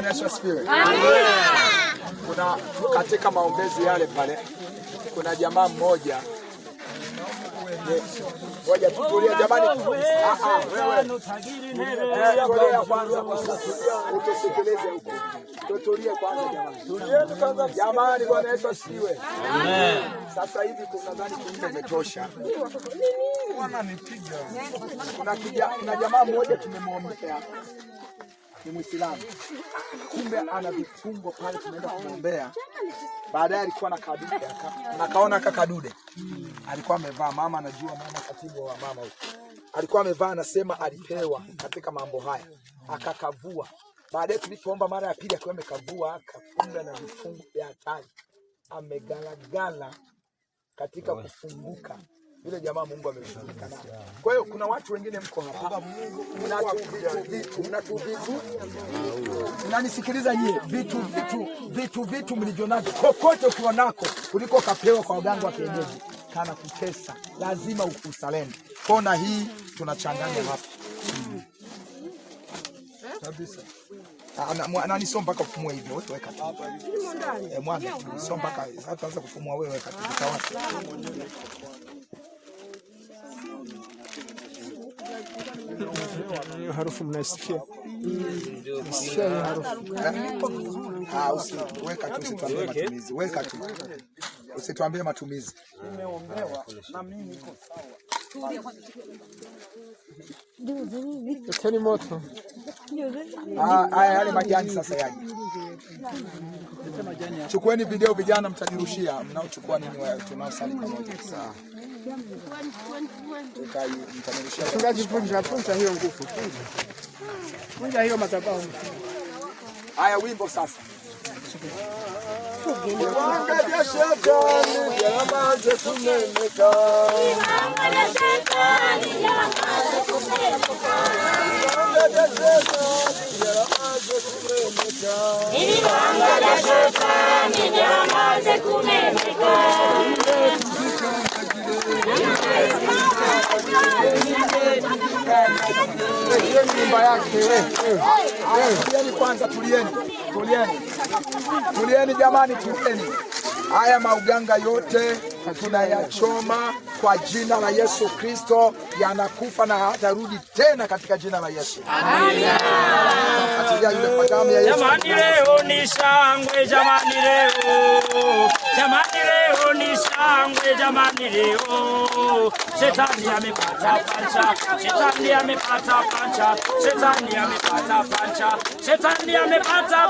Bwana Yesu asifiwe. Kuna katika maombezi yale pale, kuna jamaa mmoja moja, tutulia jamani, ah, ah, eh, kwanza utusikilize huko, tutulie kwanza jamani, jamani. Bwana Yesu asifiwe. Sasa hivi kunadhani Kuna jamaa mmoja tumemwombea ni Muislamu, kumbe ana vifungo pale, tunaenda kumwombea. Baadaye alikuwa na kadude na kaona kadude alikuwa amevaa, mama anajua, mama katibu wa mama huyo alikuwa amevaa, anasema alipewa katika mambo haya, akakavua. Baadaye tulipoomba mara ya pili, akiwa amekavua, akafunga na vifungo vya hatari, amegalagala katika kufunguka yule jamaa Mungu ameshughulika naye. Kwa hiyo kuna watu wengine mko hapa mnatu vitu, mnanisikiliza nyie, vitu vitu vitu vitu mlivyonavyo kokote, ukiwa nako kuliko kapewa kwa waganga wa kienyeji, kana kutesa, lazima ukusalemu. Kona hii tunachanganya hapa eh? kabisa ah, nani sio mpaka kufumua hivyo, wewe weka tu eh, mwanzo, sio mpaka hata anza kufumua wewe, weka tu hiyo harufu mnaisikia, msikia hiyo harufu. Weka tu, usituambie matumizi, weka tu, usituambie matumizi. Nimeombewa na mimi niko sawa. Ekeni moto haya, yale majani sasa yaje. Chukueni video vijana, mtajirushia mnaochukua nini, tunaosali pamoja. Mchungaji, punja punja hiyo nguvu, punja hiyo madhabahu. Haya, wimbo sasa. Viwanga vya shetani vyamaze kumemeka, viwanga vya shetani vyamaze kumemeka nyumba yake. Tulieni kwanza, tulieni, tulieni, tulieni jamani, tulieni. Haya mauganga yote tunayachoma kwa jina la Yesu Kristo, yanakufa na hatarudi tena katika jina la Yesu. Amina. Jamani leo ni shangwe, jamani leo yangu jamani, oh. shetani amepata pancha, pancha, shetani amepata pancha,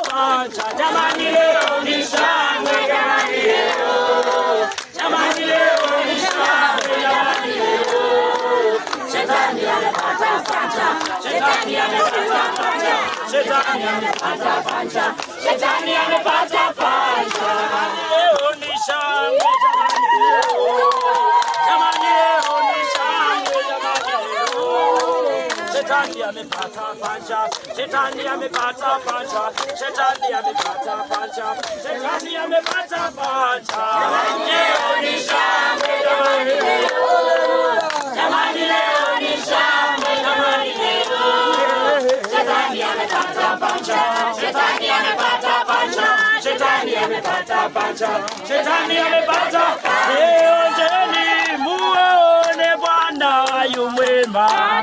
pancha. ni shangwe, ni shangwe, shetani amepata pancha, pancha, shetani amepata pancha, pancha. Shetani amepata panja, Shetani amepata panja, Shetani amepata panja, Shetani amepata panja. Leo ni shangwe jamani, jamani, leo ni shangwe jamani, Shetani amepata panja, Shetani amepata panja, Shetani amepata panja, Shetani amepata leo. Onjeni muone Bwana yu mwema.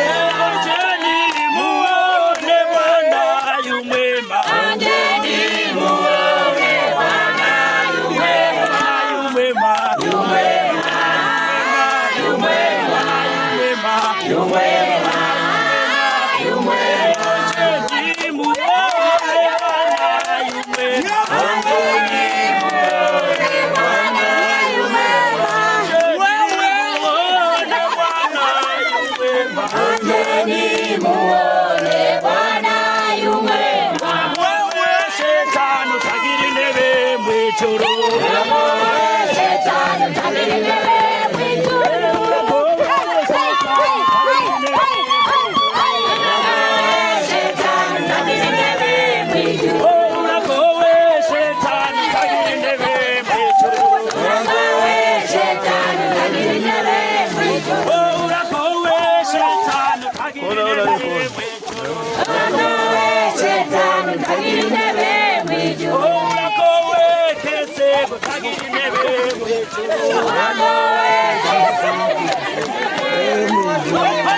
Oh,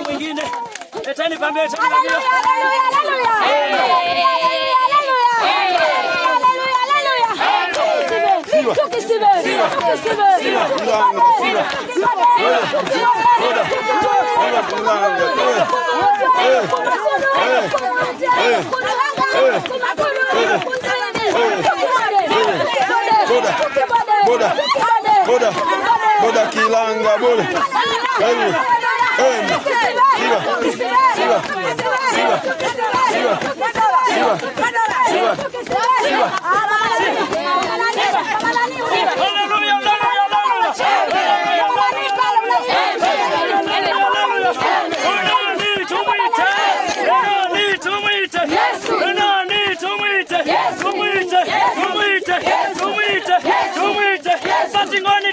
Mwingine eteni pambeni. Haleluya, haleluya, haleluya. kilanga bora Siva, Siva, Siva, Siva, Siva, Marching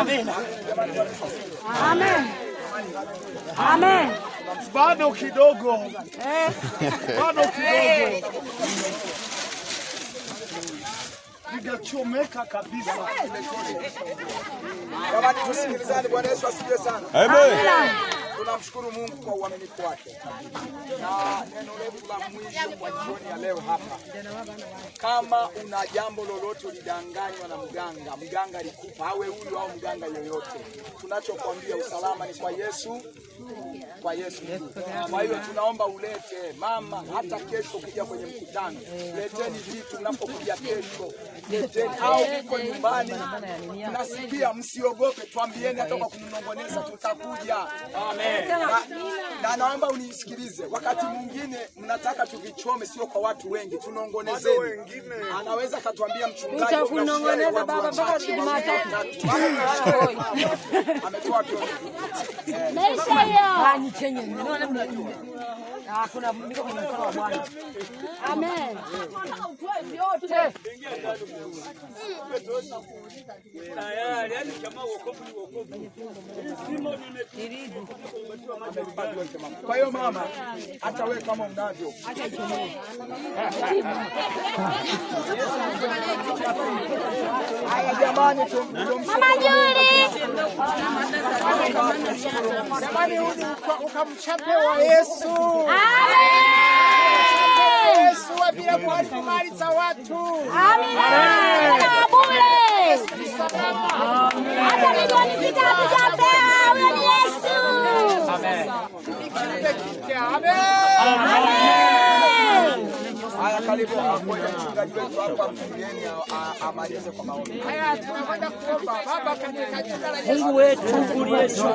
Amen. Amen. Bado kidogo. Eh. Bado kidogo. Eh. Nigachomeka kabisa. Jamani tusikilizane Bwana Yesu asifiwe sana. Amen. Amen. Tunamshukuru Mungu kwa uaminifu wake, na neno letu la mwisho kwa jioni ya leo hapa, kama una jambo lolote ulidanganywa na mganga, mganga alikupa awe huyu au mganga yoyote, tunachokwambia usalama ni kwa Yesu kwa Yesu. Kwa hiyo tunaomba ulete mama, hata kesho kija kwenye mkutano, leteni vitu mnapokuja kesho, leteni au uko nyumbani nasikia, msiogope, twambieni hata kwa kumnongoneza, tutakuja. Amen. Na naomba unisikilize, wakati mwingine mnataka tuvichome, sio kwa watu wengi, tunongonezeni. Anaweza akatwambia mchungaji utakunongoneza baba mpaka Jumatatu. Kwa hiyo mama, hata wewe kama mnavyo haya, jamani, tumshukuru Jamani, ukamchape wa Yesu bila kuharibu mali za watu. Amen karibu mmoja mchungaji wetu hapa mgeni amalize kwa maombi. Haya, tunakwenda kuomba Baba katika jina la Yesu. Mungu wetu